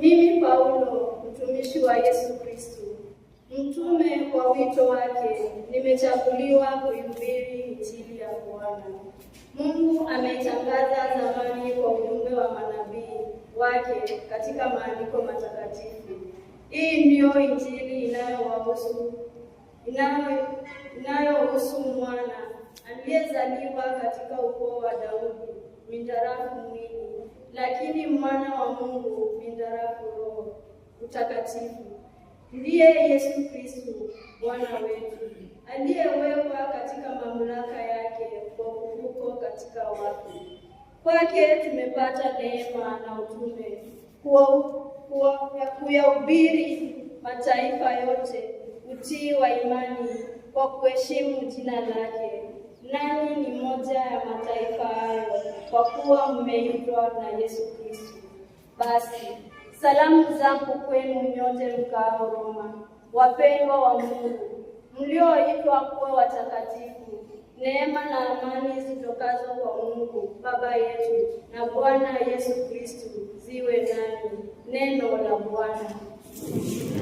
Mimi Paulo mtumishi wa Yesu Kristo, mtume kwa wito wake, nimechaguliwa kuhubiri Injili ya Bwana. Mungu ametangaza zamani kwa ujumbe wa manabii wake katika maandiko matakatifu. Hii ndiyo Injili inayowahusu inayohusu mwana aliyezaliwa katika ukoo wa Daudi mindarafu mwili, lakini mwana wa mtakatifu, ndiye Yesu Kristo Bwana wetu aliyewekwa katika mamlaka yake kwa kufufuka katika wafu. Kwake tumepata neema na utume kuyahubiri mataifa yote utii wa imani kwa kuheshimu jina lake. nani ni moja ya mataifa hayo, kwa kuwa mmeitwa na Yesu Kristo. Basi Salamu zangu kwenu nyote mkao Roma, wapendwa wa Mungu mlioitwa kuwa watakatifu. Neema na amani zitokazo kwa Mungu Baba yetu na Bwana Yesu kristo ziwe nanyi. Neno la Bwana.